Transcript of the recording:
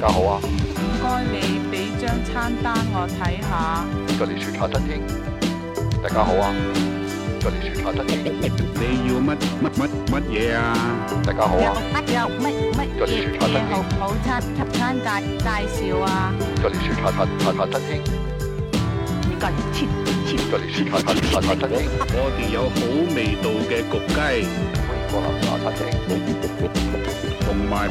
大家好啊！唔該，你俾張餐單我睇下。吉利樹餐廳，大家好啊！吉利樹餐廳，你要乜乜乜乜嘢啊？大家好啊！有有乜乜嘢好套餐餐單介紹啊？吉利樹餐餐餐廳，你今日切切吉利樹餐廳，我哋有好味道嘅焗雞，同埋。